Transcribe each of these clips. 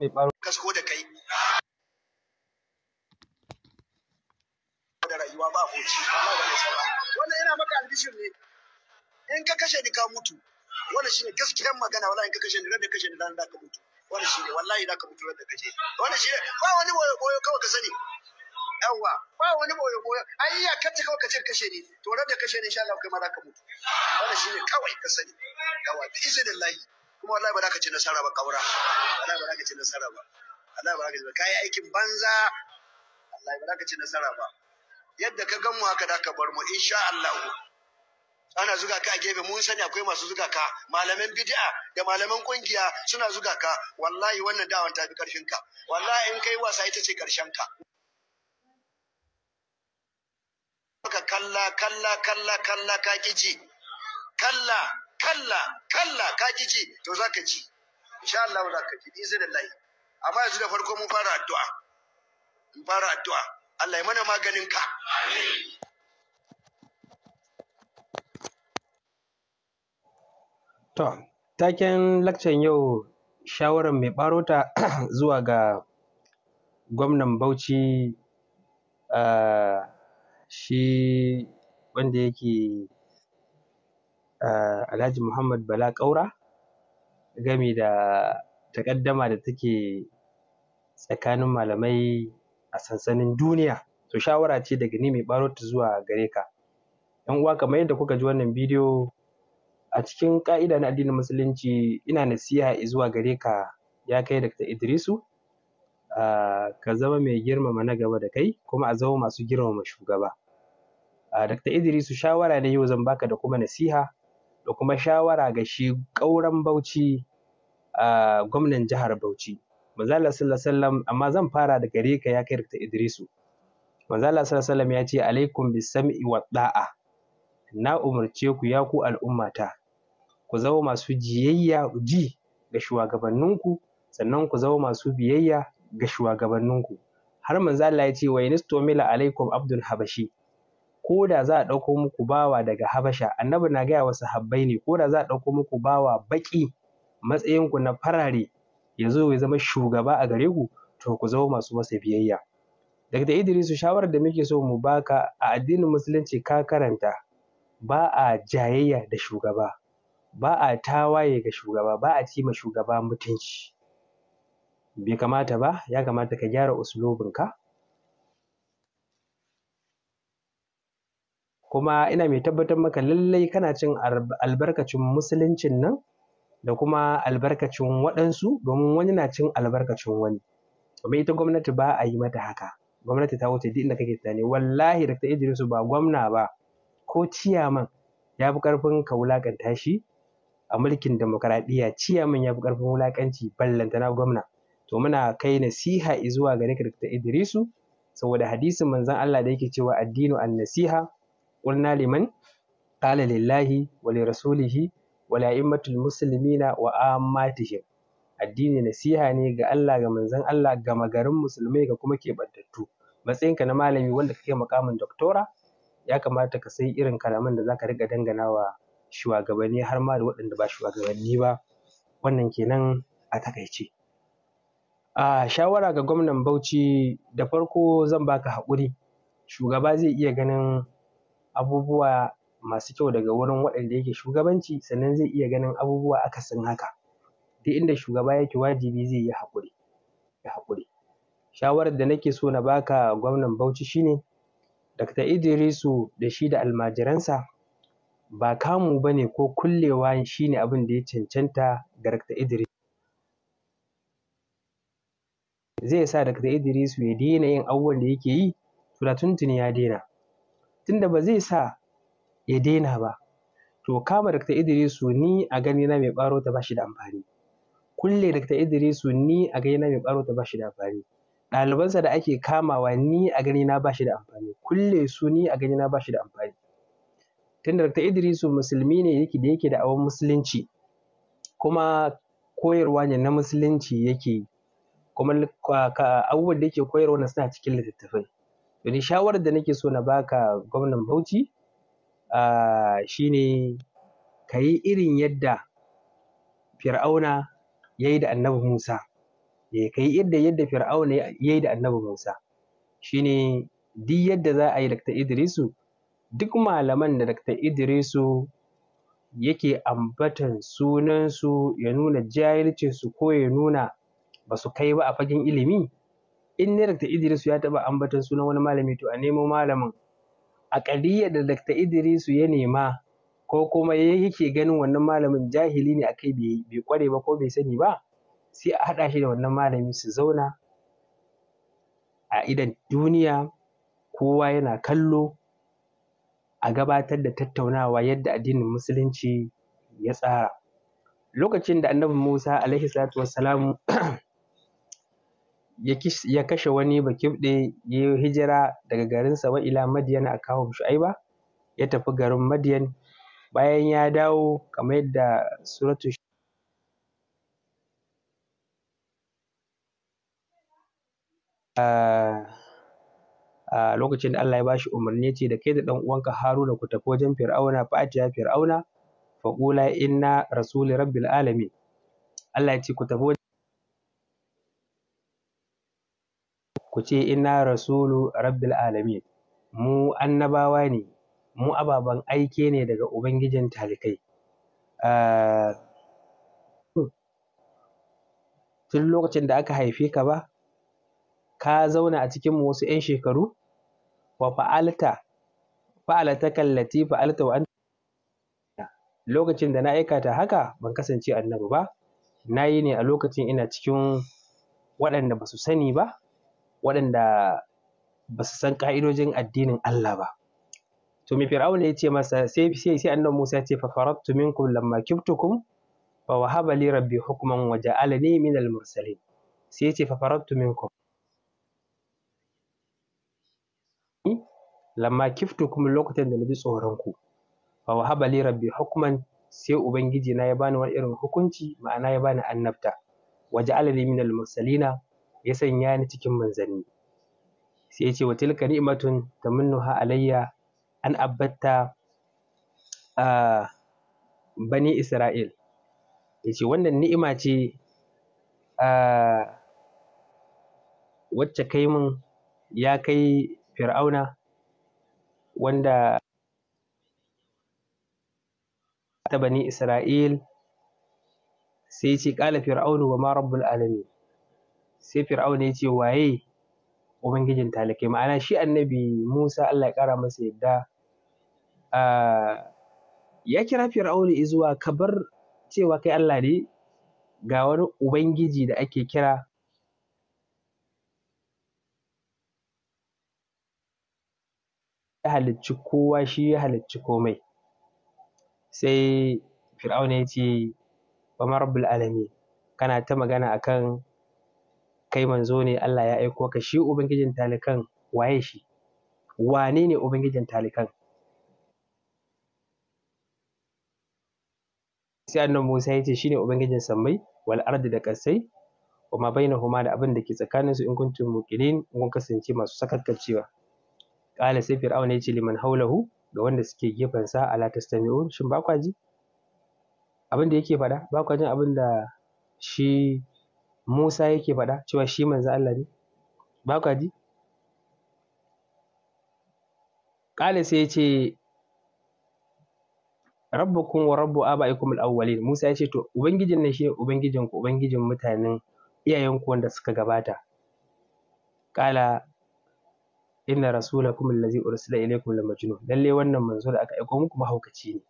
mai baro ka shigo da kai da rayuwa ba wannan yana maka ne in ka kashe ni ka mutu wannan shine gaskiyar magana wallahi in ka kashe ni da kashe ni mutu wannan shine wallahi mutu da kashe wannan shine ba wani kawai ka sani yawa ba wani ai ya kace kawai kashe ni to ran da kashe ni insha Allah kai ma mutu wannan shine kawai ka sani yawa bi izinillahi kuma wallahi ba za ka ci nasara ba kaura wallahi ba za ka ci nasara ba wallahi ba za ka ci kai aikin banza wallahi ba za ka ci nasara ba yadda ka gan mu haka da ka bar mu insha Allah ana zuga ka a gefe mun sani akwai masu zuga ka malaman bid'a da malaman kungiya suna zuga ka wallahi wannan dawan ta fi karfin ka wallahi in kai wasa ita ce karshen ka ka kalla kalla kalla kalla ka kici kalla kalla kalla ka ki ci to za ka ci insha Allah za ka ci Allah amma yanzu da farko mun fara addu'a mun fara addu'a Allah ya mana maganin ka to taken lakcin yau shawarar mai barota zuwa ga gwamnan Bauchi ah, shi wanda yake Eh, Alhaji Muhammad Bala Kaura gami da takaddama da take tsakanin malamai a sansanin duniya to shawara ce daga ni mai barota zuwa gare ka yan uwa kamar yadda kuka ji wannan bidiyo a cikin ƙa'ida na addinin musulunci ina nasiha zuwa gare ka ya kai Dr. Idrisu eh, ka zama mai girmama na gaba da kai kuma a zama masu girmama shugaba eh, Dr. Idrisu shawara ne yau zan baka da kuma nasiha da kuma shawara ga shi ƙauren Bauchi a gwamnan jihar Bauchi. Manzala sallallahu amma zan fara da gare ka ya kai ta Idrisu. Manzala sallallahu ya ce alaikum bisam'i wa da'a. Na umarce ku ya ku al'ummata. Ku zama masu jiyayya ji ga shugabanninku sannan ku zama masu biyayya ga shugabanninku. Har manzala ya ce wa mila, alaikum abdul habashi. ko da za a ɗauko muku bawa daga habasha annabi na gaya wa sahabbai ne ko da za a ɗauko muku bawa baƙi matsayinku na farare ya zo ya zama shugaba a gare ku to ku zama masu masa biyayya da Idrisu shawarar da muke so mu baka a addinin musulunci ka karanta ba a jayayya da shugaba ba a tawaye ga shugaba ba a ci ma shugaba mutunci bai kamata ba ya kamata ka gyara usulubinka kuma ina mai tabbatar maka lallai kana cin albarkacin musuluncin nan da kuma albarkacin waɗansu domin wani na cin albarkacin wani kuma ita gwamnati ba a yi mata haka gwamnati ta wuce duk inda kake tunani wallahi da ta Idrisu ba gwamna ba ko ciyaman ya fi ƙarfin ka wulaƙanta shi a mulkin demokaraɗiyya ciyaman ya fi ƙarfin wulaƙanci ballantana gwamna to muna kai nasiha izuwa gare ka da ta Idrisu saboda hadisin manzon Allah da yake cewa addinu an nasiha qulna liman qala lillahi rasulihi wa la'immatul muslimina wa addini nasiha ne ga Allah ga manzon Allah ga magarin musulmai ga kuma keɓantattu matsayinka na malami wanda kake makamin doktora ya kamata ka sayi irin kalaman da zaka riƙa dangana wa shugabanni har ma da waɗanda ba shugabanni ba wannan kenan a takaice a shawara ga gwamnan Bauchi da farko zan baka haƙuri shugaba zai iya ganin abubuwa masu kyau daga wurin waɗanda yake shugabanci sannan zai iya ganin abubuwa akasin haka duk inda shugaba yake wajibi zai yi haƙuri ya haƙuri shawarar da nake so na baka gwamnan Bauchi shine Dr. Idrisu da shi da almajiransa ba kamu ba ne ko kullewa shine abin da ya cancanta ga Dr. Idris zai sa Dr. Idrisu ya daina yin abubuwan da yake yi to tuntuni ya daina tunda ba zai sa ya daina ba to kama dakta Idrisu ni a gani na mai ɓaro ta bashi da amfani kulle dakta Idrisu ni a gani na mai ɓaro ta bashi da amfani ɗalibansa da ake kamawa ni a gani na bashi da amfani kulle su ni a gani na bashi da amfani tunda dakta Idrisu musulmi ne yake da yake da awon musulunci kuma koyarwa ne na musulunci yake yi kuma ah, abubuwan da yake koyarwa suna cikin littattafai wani shawarar da nake so na baka gwamnan Bauchi shi shine ka yi irin yadda Fir'auna ya yi da annabi Musa eh, ka yi yadda yadda Fir'auna ya yi da annabi Musa shine duk yadda za a yi Dr. Idrisu duk malaman da Dr. Idrisu yake ambatan sunansu ya nuna jahilcinsu ko ya nuna ba su kai ba a fagen ilimi in ne Dr. Idrisu ya taɓa ambaton sunan wani malami to a nemo malamin a ƙadiyar da Dr. Idrisu ya nema ko kuma yake ganin wannan malamin jahili ne akai bai kware ba ko bai sani ba sai a haɗa shi da wannan malami su zauna a idan duniya kowa yana kallo a gabatar da tattaunawa yadda addinin musulunci ya tsara lokacin da annabi Musa alaihi salatu wassalamu ya kashe wani bakibɗe ya yi hijira daga garinsa ba ila madiyan a kawo shu'aiba ya tafi garin madiyan bayan ya dawo kamar yadda suratu a lokacin da Allah ya bashi umarni ce da kai da ɗan uwanka Haruna ku tafi wajen Fir'auna fa Fir'auna fa inna rasuli rabbil alamin Allah ya ce ku tafi ku ce inna rasulu rabbil alamin mu annabawa ne mu ababen aike ne daga ubangijin talikai ah, tun lokacin da aka haife ka ba ka zauna a cikin mu wasu 'yan shekaru wa fa'alta fa'alta kallati fa'alta wa lokacin da na aikata haka ban kasance annabi ba na yi ne a lokacin ina cikin waɗanda ba su sani ba waɗanda ba su san ƙa'idojin addinin Allah ba to me fir'auna ya ce masa sai sai sai annabi Musa ya ce fa minkum lamma kibtukum fa wahaba li rabbi hukman wa ja'alani min al mursalin sai ya ce fa faradtu minkum lamma kiftukum lokacin da na ji tsoron ku fa wahaba li rabbi hukman sai ubangiji na ya bani wani irin hukunci ma'ana ya bani annabta wa ja'alani min al mursalina ya sanya ni cikin manzanni sai ya ce wa tilka ni'matun tamunnuha alayya an abbatta a bani isra'il ya ce wannan ni'ima ce a wacce kai min ya kai fir'auna wanda ta bani isra'il sai ce ƙala fir'aunu wa ma rabbul alamin sai fir'auna ya ce waye ubangijin talikai ma'ana shi annabi musa allah ya ƙara masa yadda ya kira fir'auna izuwa, ka bar cewa kai allah ne ga wani ubangiji da ake kira ya halicci kowa shi ya halicci komai sai fir'auna ya ce wa rabbul alamin kana ta magana akan kai manzo ne Allah ya aiko ka shi ubangijin talikan waye shi wane ne ubangijin talikan sai annabi Musa ya ce shi ne ubangijin sammai wal ardi da kasai kuma bainahuma da abin da ke tsakanin su in kuntum muqinin in kun kasance masu sakakkacewa qala sai fir'auna ya ce liman haulahu ga wanda suke gefen sa ala tastami'un shin ba kwa ji abin da yake faɗa ba kwa jin abin da shi Musa yake faɗa cewa shi manzon Allah ne ba kwa ji ƙala sai ya ce rabbukum wa rabbu abaikum al-awwalin Musa ya ce to ubangijin nan ne, ubangijin ku ubangijin mutanen iyayen ku wanda suka gabata ƙala inna rasulakum allazi ursila ilaykum la majnun lalle wannan manzo da aka aika muku mahaukaci ne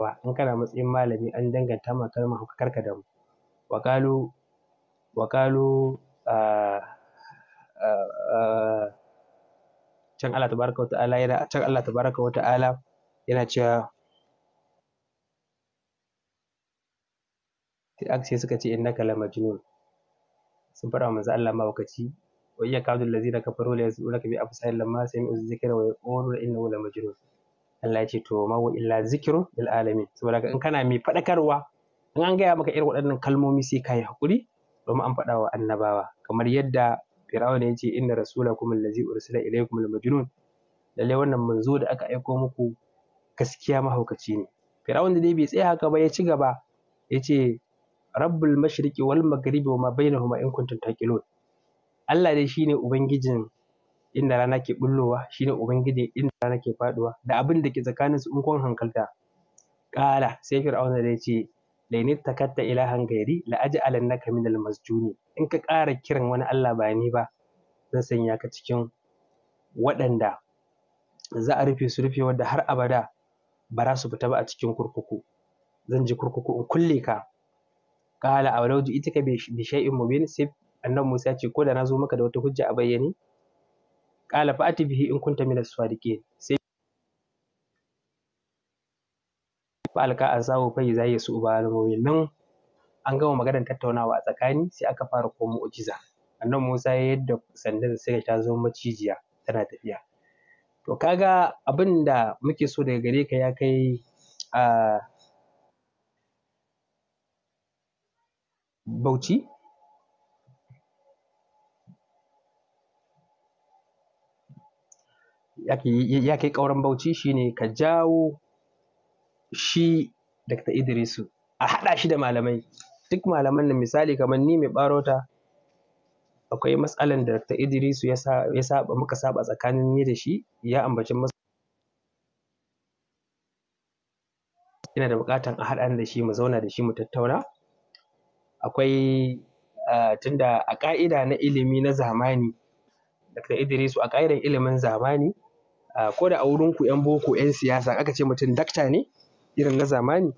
ba in kana matsayin malami an danganta ma kalmar hauka kar ka damu wa qalu wa qalu can Allah tabaraka wata'ala yana can Allah tabaraka wata'ala yana cewa sai aka ce suka ce innaka la majnun sun faɗa wa manzo Allah mawakaci wa iya kadu allazina kafaru la yasulunaka bi absarihim lamma sami'u dhikra wa yaqulu innahu la majnun Allah ya ce to ma wa illa zikirun lil alamin saboda in kana mai faɗakarwa in an gaya maka irin waɗannan kalmomi sai ka yi hakuri. domin an faɗa wa annabawa kamar yadda Fir'auna ya ce inna rasulakum allazi ursila ilaykum al-majnun lalle wannan manzo da aka aiko muku gaskiya mahaukaci ne Fir'aun da dai bai tsaya haka ba ya ci gaba ya ce rabbul mashriqi wal maghribi wa ma bainahuma in kuntum taqilun Allah dai shine ubangijin inda rana ke ɓullowa shine ubangiji inda rana ke faɗuwa da abin da ke tsakaninsu in kun hankalta ƙala sai fir'auna da ce laini takatta ilahan gairi la aj'alannaka al masjuni in ka ƙara kiran wani Allah ba ni ba zan sanya ka cikin waɗanda za a rufe su rufe wanda har abada ba za su fita ba a cikin kurkuku zan ji kurkuku in kulle ka ƙala a walau ita ka bi shay'in mubin sai annabi Musa ya ce ko da na zo maka da wata hujja a bayyane qala fa ati bihi in kunta min as-sadiqin sai fa alka asahu fa iza yasu ba al-mu'min nan an gama maganar tattaunawa a tsakani sai aka fara komo mu'jiza annabi Musa ya yadda sandar sai ta zo macijiya tana tafiya to kaga abin da muke so daga gare ka ya kai a ah, Bauchi ya kai ƙauren bauchi shine ka jawo shi Dr. Idrisu a haɗa shi da malamai duk malaman nan misali kamar ni mai ɓarota akwai matsalan da Dr. Idrisu ya saba muka saba tsakanin ni da shi ya ambaci masa ina da buƙatan a haɗa da shi mu zauna da shi mu tattauna akwai tunda a ƙa'ida na ilimi na zamani Dr. Idrisu a ƙa'idan ilimin zamani ko da a wurin ku 'yan boko 'yan siyasa aka ce mutum dakta ne irin na zamani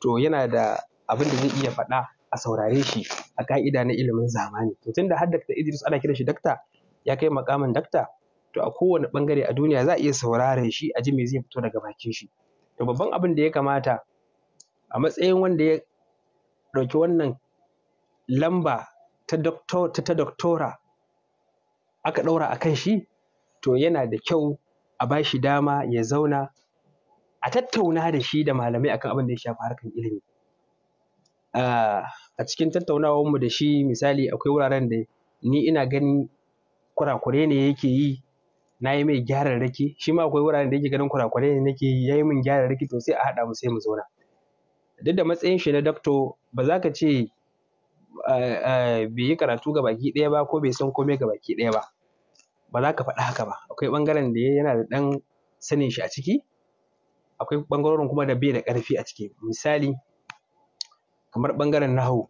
to yana da abin da zai iya faɗa a saurare shi a ƙa'ida na ilimin zamani to tunda har dakta Idris ana kiran shi dakta ya kai makamin dakta to a kowane bangare a duniya za a iya sauraren shi a ji me zai fito daga bakin shi to babban abin da ya kamata a matsayin wanda ya ɗauki wannan lamba ta ta doktora aka ɗaura a kan shi to yana da kyau a ba shi dama ya zauna a tattauna da shi da malamai akan abin da ya shafi harkar ilimi a cikin mu da shi misali akwai wuraren da ni ina ganin kurakure ne yake yi na yi mai gyararraki shi ma akwai wuraren da yake ganin kurakure ne nake yi ya yi min gyararraki to sai a haɗa mu sai mu zauna duk da matsayin shi na dakto ba za ka ce bai yi karatu ga baki ɗaya ba ko bai san komai ga baki ɗaya ba ba za ka faɗi haka ba akwai ɓangaren da yana da ɗan sanin shi a ciki akwai ɓangarorin kuma da bai da ƙarfi a ciki misali kamar ɓangaren nahu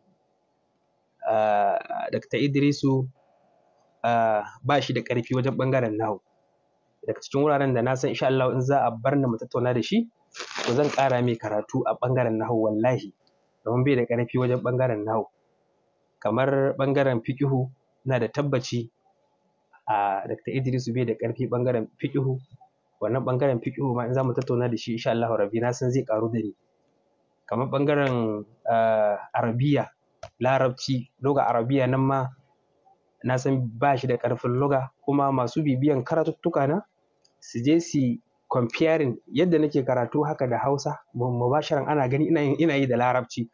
Dr. Idrisu ba shi da ƙarfi wajen ɓangaren nahu daga cikin wuraren da na san insha Allah in za a bar ni mu tattauna da shi to zan ƙara mai karatu a ɓangaren nahu wallahi domin bai da ƙarfi wajen ɓangaren nahu kamar ɓangaren fiƙihu na da tabbaci a Dr. Idris bai da ƙarfi ɓangaren fiƙihu wannan ɓangaren fiƙihu ma in za mu tattauna da shi insha Allahu rabbi na san zai ƙaru da ni kamar ɓangaren arabiya larabci loga arabiya nan ma na san ba shi da ƙarfin loga kuma masu bibiyan karatuttuka na su je su comparing yadda nake karatu haka da hausa mubasharan ana gani ina yi da larabci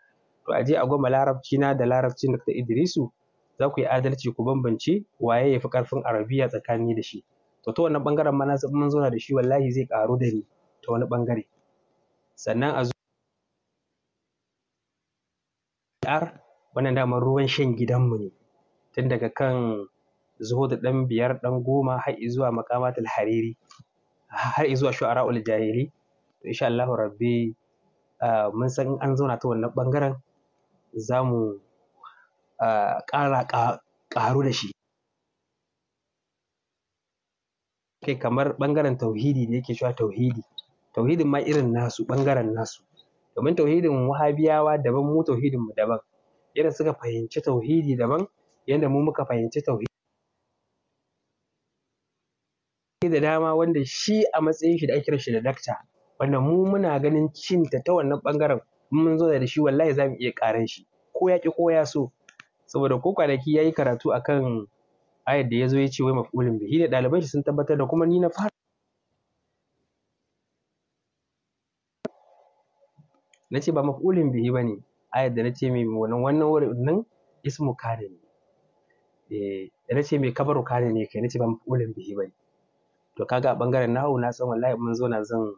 to a je a goma larabci na da larabcin dr idrisu za ku yi adalci ku bambance waye ya fi ƙarfin arabiya tsakani da shi to ta wannan ɓangaren ma na mun zauna da shi wallahi zai ƙaru da ni ta wani ɓangare sannan a zuwa wannan damar ruwan shan gidanmu ne tun daga kan da ɗan biyar ɗan goma har zuwa makamatul hariri har zuwa shu'ara'ul jahili to insha Allahu rabbi ah, mun san an zauna ta wannan ɓangaren za mu Eh, ƙara ƙaru da shi kai kamar ɓangaren tauhidi da yake cewa tauhidi tauhidin ma irin nasu ɓangaren nasu domin tauhidin wahabiyawa daban mu tauhidin mu daban yadda suka fahimci tauhidi daban yadda mu muka fahimci tauhidi da dama wanda shi a matsayin shi da ake kiran shi da dakta wanda mu muna ganin cinta ta wannan ɓangaren mun zo da shi wallahi za mu iya ƙaran shi ko ya ƙi ko ya so saboda ko kwanaki ya yi karatu akan ayar da ya zo ya ce wai maf'ulin bihi ne, ɗaliban shi sun tabbatar da kuma ni na fara na ce ba maf'ulin bihi ba ne ayar da na ce mai wannan wannan nan ismu kare ne eh, da na ce mai kabaru kare ne kai na ce ba maf'ulin bihi ba ne to kaga a ɓangaren nahu na san wallahi mun zo na zan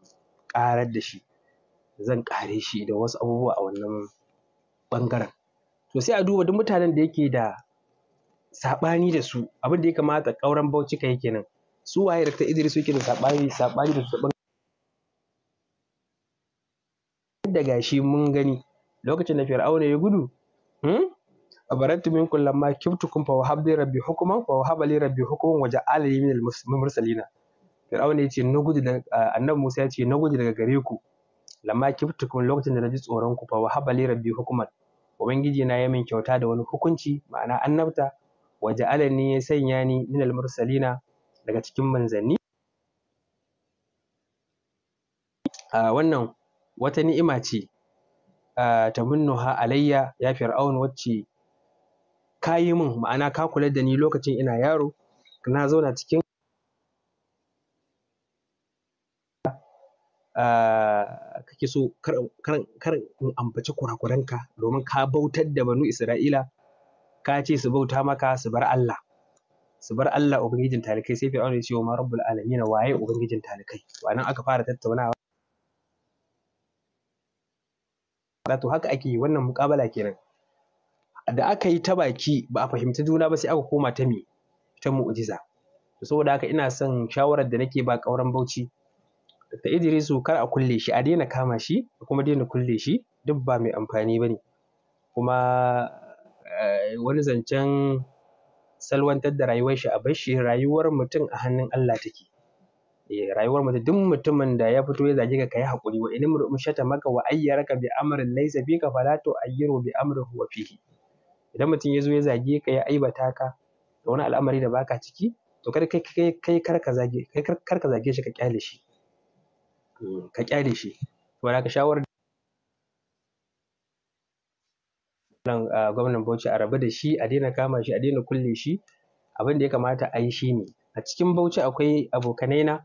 ƙarar da shi zan ƙare shi da wasu abubuwa a wannan ɓangaren to sai a duba duk mutanen da yake da saɓani da su abin da ya kamata ƙauren bauchi kai kenan su waye Dr. Idris yake da saɓani saɓani da su da gashi mun gani lokacin da Fir'auna ya gudu hmm? abarantu min kullam ma kibtukum fa wahab rabbi hukuman fa wahab rabbi hukuman wa alayhi min al-mursalina Fir'auna yace na gudu da annabi Musa yace na gudu daga gare ku lamma kibtukum lokacin da naji tsoron ku fa wahab rabbi hukuman ubangiji na ya min kyauta da wani hukunci ma'ana annabta wa ja'alani ya sanya ni minal mursalina daga cikin manzanni a wannan wata ni'ima ce ta munnuha alayya ya fir'aun wacce ka yi min ma'ana ka kula da ni lokacin ina yaro na zauna cikin kake so kar in ambaci ka, domin ka bautar da banu Isra'ila ka ce su bauta maka su bar Allah su bar Allah ubangijin talikai sai fir'auna ya ce wa rabbul alamin waye ubangijin talikai nan aka fara tattaunawa wato haka ake yi wannan muƙabala kenan da aka yi ta baki ba a fahimci juna ba sai aka koma ta me ta mu'jiza saboda haka ina son shawarar da nake ba kauran Bauchi Dr. Idrisu kar a kulle shi a daina kama shi a kuma daina kulle shi duk ba mai amfani ba ne. Kuma eh, wani zancen salwantar da rayuwar shi a bar shi rayuwar mutum a hannun Allah take. Eh, rayuwar mutum duk mutumin da ya fito ya zage ka kai hakuri wa in imru'un shata maka wa ka bi amrin laysa bika fala tu'ayyiru bi amrin huwa fihi. Idan mutum ya zo ya zage ka ya aibata ka da wani al'amari da baka ciki to kada kai kar ka zage kai kar ka zage shi ka kyale shi. ka kyale shi saboda haka shawarar ah, gwamnan Bauchi a rabu da shi a daina kama shi a daina kulle shi abin da ya kamata a yi shi ne a cikin Bauchi akwai abokanai na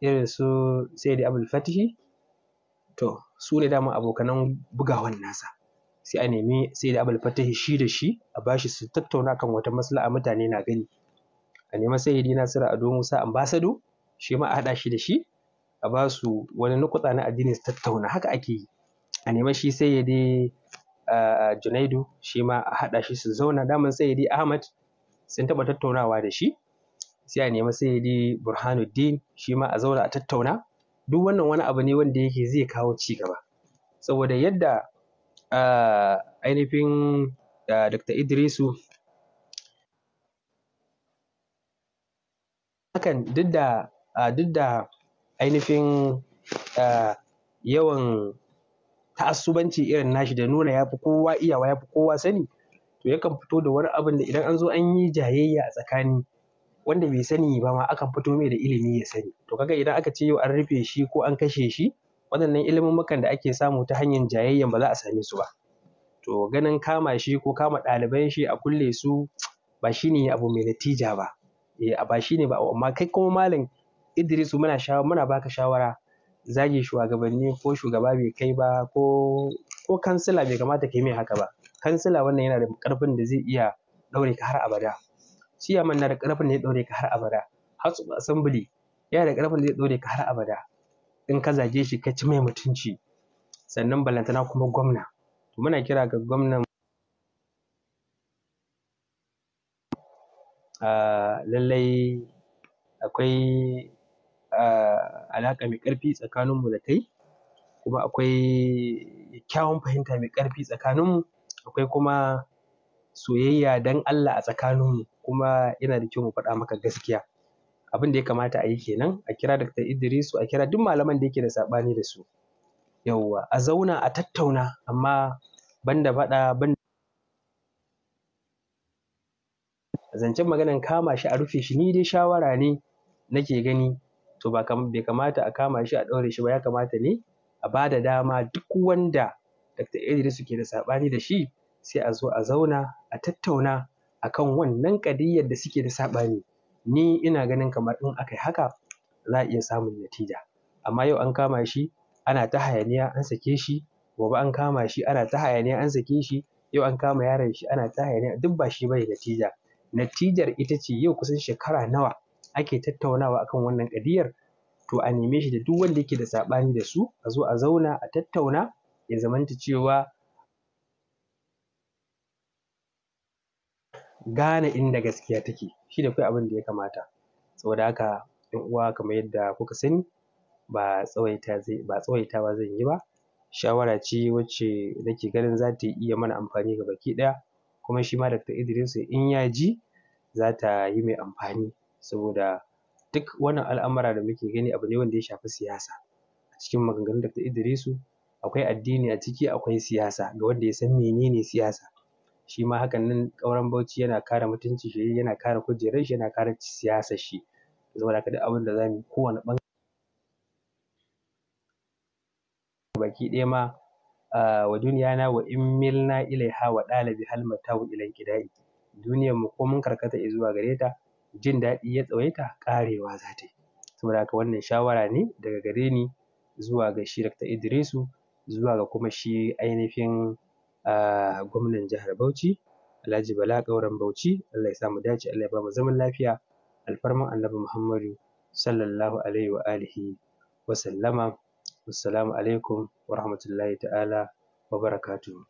irin su Saidi Abdul Fatihi to su ne dama abokanan bugawan nasa sai a nemi sai da abul fatahi shi da shi a bashi su tattauna kan wata maslaha mutane na gani a nemi sayyidi nasiru ado musa ambasado shi ma a haɗa shi da shi a basu su wani nukuta na addini su tattauna haka ake yi a nema shi ya sayyidi junaidu shi ma a haɗa shi su zauna daman sayyidi ahmad sun taɓa tattaunawa da shi sai a nema ya sayyidi burhanuddin shi ma a zauna a tattauna duk wannan wani abu ne wanda yake zai kawo ci gaba saboda yadda ainihin dr idrisu hakan duk da duk da ainihin eh, yawan ta'assubanci irin nashi da nuna ya fi kowa iyawa ya fi kowa sani to yakan fito da wani abin da idan an zo an yi jayayya a tsakani wanda bai sani ba ma akan fito mai da ilimi ya sani to kaga idan aka ce yau an rufe shi ko an kashe shi waɗannan ilimummukan da ake samu ta hanyar jayayyan ba za a same su ba to ganin kama shi ko kama ɗaliban shi a kulle su ba shine abu mai natija ba eh ba shine ba amma kai kuma malam Idris muna muna baka shawara zage shugabanni ko shugaba bai kai ba ko ko kansila bai kamata ka yi mai haka ba kansila wannan yana da ƙarfin da zai iya ɗaure ka har abada ciyaman na da ƙarfin da ya ɗaure ka har abada house of assembly yana da ƙarfin da zai ɗaure ka har abada in ka zage shi ka ci mai mutunci sannan balantana kuma gwamna muna kira ga gwamnan ah, lallai akwai alaƙa mai ƙarfi tsakaninmu da kai kuma akwai kyawun fahimta mai ƙarfi tsakaninmu akwai kuma soyayya don Allah a tsakaninmu kuma yana da kyau mu faɗa maka gaskiya abin da ya kamata a yi kenan a kira Dr. Idrisu a kira duk malaman da yake da saɓani da su yawwa a zauna a tattauna amma banda faɗa ban zancen maganan kama shi a rufe shi ni dai shawara ne nake gani to ba bai kamata a kama shi a ɗaure shi ba ya kamata ne a ba da dama duk wanda Dr. Idris ke da saɓani da shi sai a zo a zauna a tattauna akan wannan ƙadiyyar da suke da saɓani ni ina ganin kamar in aka yi haka za a iya samun natija amma yau an kama shi ana ta hayaniya an sake shi gobe an kama shi ana ta hayaniya an sake shi yau an kama yaron shi ana ta hayaniya duk ba shi bane natija natijar ita ce yau kusan shekara nawa ake tattaunawa akan wannan ƙadiyar to a neme shi da duk wanda yake da saɓani da su a zo a zauna a tattauna ya zamanta cewa gane inda gaskiya take shi da kai abin da ya kamata saboda haka yan uwa kamar yadda kuka sani ba tsawaita zai ba tsawaitawa zan yi ba shawara ce wacce nake ganin za ta iya mana amfani ga baki ɗaya kuma shi ma Dr. Idris in ya ji za ta yi mai amfani saboda duk wannan al'amura da muke gani abu ne wanda ya shafi siyasa a cikin maganganun Dr. Idrisu akwai addini a ciki akwai siyasa ga wanda ya san menene siyasa shi ma hakan nan ƙauren Bauchi yana kare mutunci shi yana kare kujerar shi yana kare siyasar shi saboda haka duk abin da zamu yi kowane ɓangare baki ɗaya ma wa duniya na, wa in milna ilaiha wa ɗalibi hal matahu ilal kida'i duniyar mu ko mun karkata zuwa gare ta jin daɗi ya tsawaita ƙarewa za ta yi. Saboda haka wannan shawara ne daga gare ni zuwa ga shi Dakta Idrisu zuwa ga kuma shi ainihin ah, gwamnan jihar Bauchi Alhaji Bala Ƙauren Bauchi Allah ya sa mu dace Allah ya ba mu zaman lafiya alfarman Annabi Muhammadu sallallahu alaihi wa alihi wa sallama. Assalamu alaikum wa rahmatullahi ta'ala wa barakatuhu.